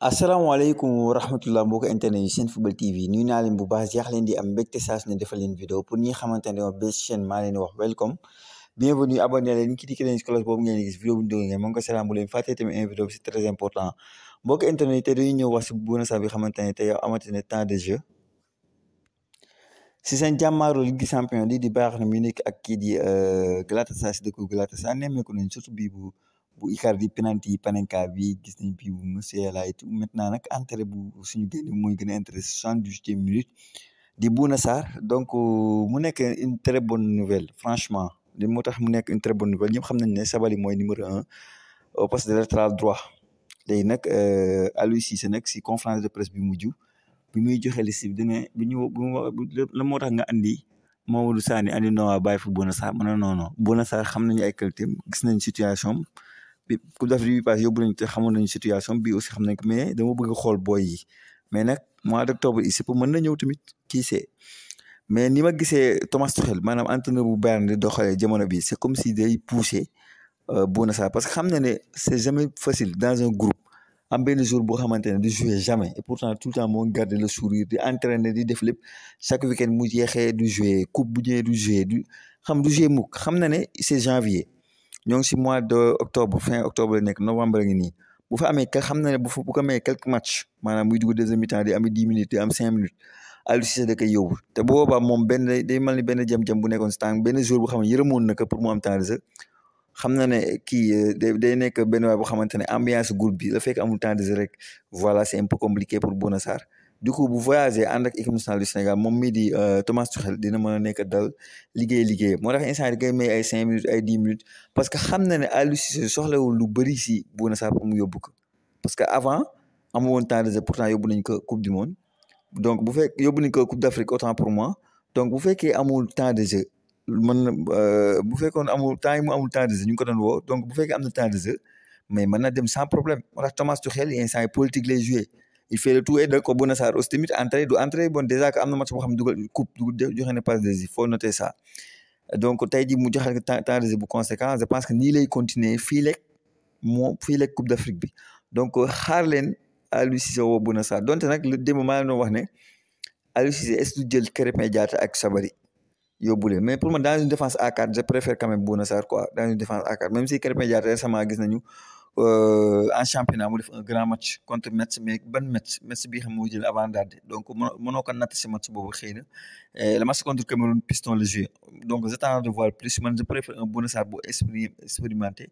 asalaamaaleykum wa rahmatullah mbokk internet yi seen football tv nuyu naa leen bu baax jeex leen di am mbégte sas su ne defal leen vidéo pour ñi xamantene mo bes chaîne ma leen wax welcome bienvenue abonné leen cliquer leen ci cloche bobu ngeen gis vidéo bu ndo ngeen mo ngi salam bu leen faté tam un vidéo c'est très important mbokk internet té tey dañuy ñëw wax ci Bouna sa bi xamantene té yow amati na temps de jeu si sen jamaru ligue des champions lii di Bayern Munich ak ki di euh, Galatasaray si dëkku Galatasaray nemmeeku ñu surtout bi bu bu Icardi penalty yi Panenka bi gis nañ bi bu Musiala it maintenant nak entrée bu suñu génn moy gën a intéressé soixante dix minute di Bouna Sarr donc euh, mu nekk une très bonne nouvelle franchement li motax mu nekk une très bonne nouvelle ñëpp xam nañ ne Sabaly mooy numéro 1 au poste de latéral droit nak euh Aliou c'est nak si conférence de presse bi mujj bi muy joxé liste bi dane bi ñu la motax nga andi Mamadou Sani andi Noah Baye fa Bouna Sarr ma non non Bouna Sarr xam nañu ay qualité gis nañ situation Coupe d'Afrique bi passé yóbbu nañ te xamoon situation bi aussi xam ko mais dama bëgg xool booy yi mais nak mois d' octobre il se peut mën na ñëw tamit kii see mais ni ma gisee Thomas Tuchel maanaam entraîneur bu Bayern di doxalee jamono bi c' comme si day poussé euh, Bouna ça parce que xam na c'est jamais facile dans un groupe am benn jour boo xamante ne di jouer jamais et pourtant tout le temps moo garder le sourire di entraîner di def lépp chaque week-end mu jeexee du jouer coupe bu ñëwee du jouer du xam du jouer mukk xam na ne janvier ñoo ngi si mois de octobre fin octobre la nekk novembre ngi nii bu fa amee ka xam na ne bu fa bu ko amee quelques match maanaam muy dugg deuxième mi-temps di am dix minutes di am cinq minutes Aliou Cissé da koy yóbbu te bu boobaa moom benn day mel ni benn jëm-jëm bu nekkoon si temps benn jour bu xam ne yërëmoon na ko pour mu am temps de jeu xam na ne kii euh, day nekk benn waay boo xamante ne ambiance groupe bi la fekk amul temps de jeu rek voilà c'est un peu compliqué pour Bouna Sarr du coup bu voyager and ak équipe nationale du Sénégal mom mii di euh, Thomas Tuchel dina mën a dal liggéey liggéey moo tax instant di koy may ay 5 minutes ay 10 minutes parce que xam na ne Aliou Cissé soxlawul lu bari ci Bouna Sarr pour mu yóbbu ko parce que avant amu won temps de jeu pourtant yóbbu nañ ko coupe du monde donc bu fek yóbbu nañ ko coupe d'Afrique autant pour moi donc bu fekkee amul temps de jeu man na euh, bu fekkoon amul temps yi mu amul temps de jeu ñu ko don wo donc bu fekkee amna temps de jeu mais man na dem sans problème tax Thomas Tuchel instant politique les jouer il fait le tout et da ko Bouna Sarr aussi tamit entrée du entrée bon dèjà que am match bo xam dougal coupe du joxe na passe décisive faut noter ça donc tey jii mu joxe temps temps de jeu bu conséquent je pense que ni lay continuer fi lek mo fi lek coupe d'Afrique bi donc xaar leen Aliou Cissé woo Bouna Sarr donte nag lu démb maa leen wax ne Aliou Cissé est du jël Krépin Diatta ak sabari yóbbu mais pour moi dans une défense à 4 je préfère quand même Bouna quoi dans une défense à 4 même si Krépin Diatta récemment gis nañu en euh, championnat mu def un grand match contre Metz mais ban Metz Metz bii xam moo jël avant daal donc mënoo ko natt si match boobu xëy na euh, le match contre Cameroun piston le jeu donc j'attends de voir plus man je préfère un bon Sarr bu expérimenté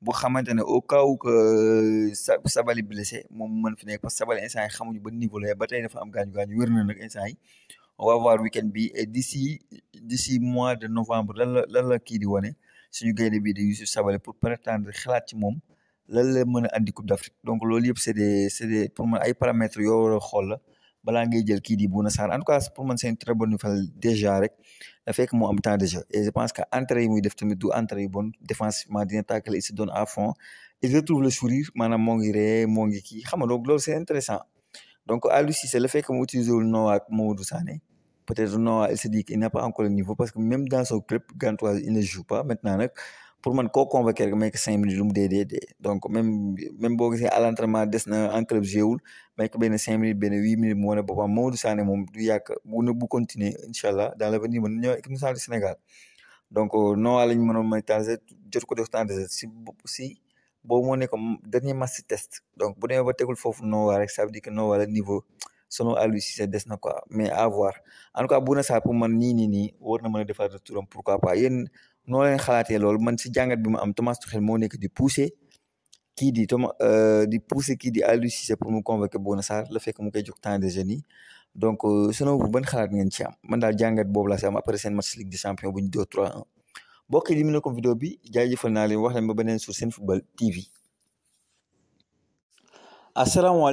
bu xamante ne au cas où que euh, sabali blessé moom mën fi nekk parce que Sabaly instant yi xamuñu ba niveau la ba tey dafa am gaañu gaañu wér na nag instant yi on va voir week-end bi et d'ici d'ici mois de novembre lan la lan la kii di wane suñu gaynde bii di Youssouf sabali pour prétendre xalaat ci moom lan la mën a andi Coupe d'Afrique donc loolu yëpp c'est des c'est des pour man ay paramètres yoo war a xool la balaa ngay jël kii di Bouna en tout cas pour moi, c'est une très bonne nouvelle déjà rek da fekk moo am temps de et je pense que entrée yi muy def tamit du entrée yu bon défensivement dina tàkkale il se donne à fond il retrouve le sourire maanaam moo ngi ree moo ngi kii xam nga donc c'est intéressant donc à lui c'est le fait que mu utilisé wul Noah ak Mamadou Sané peut-être Noah il se dit qu'il n'a pas encore le niveau parce que même dans son club gantoise il ne joue pas maintenant nag pour man koo convoqué rek may ko minutes lu mu dee donc même même bo gisee à l'entraînement des na en club jéewul may ko benn cinq minutes ben 8 minutes mu wane boppam Mamadou Sané mom du yak bu bu continuer incha dans l'avenir mën na équipe nationale du Sénégal donc euh, noowaa lañ mënoon métalise jot ko def temps de si bo mo né nekk dernier match test donc bu né ba tegul foofu noowaa rek ça veut dire que noowaa la niveau selon Aliou c'est des na quoi mais à voir en tout cas bu né ça pour man ni ni ni war na mëna a defar retouram pourquoi pas yéen noo leen xalaatee loolu man si jàngat bi ma am Thomas Tuchel moo nekk di pousser kii di Thomas euh, di pousser kii di Aliou Cissé pour mu convoquer Bouna Sarr fait fekk mu koy jox temps de jeunes yi donc euh, selon vous ban xalaat ngeen ci am man daal jàngat boobu laa si am après seen match Ligue des Champions bu ñu dóor 3-1 mbokk yi li ko vidéo bi jaajëfal naa leen wax leen ba beneen sur football TV. asalaamaaleykum.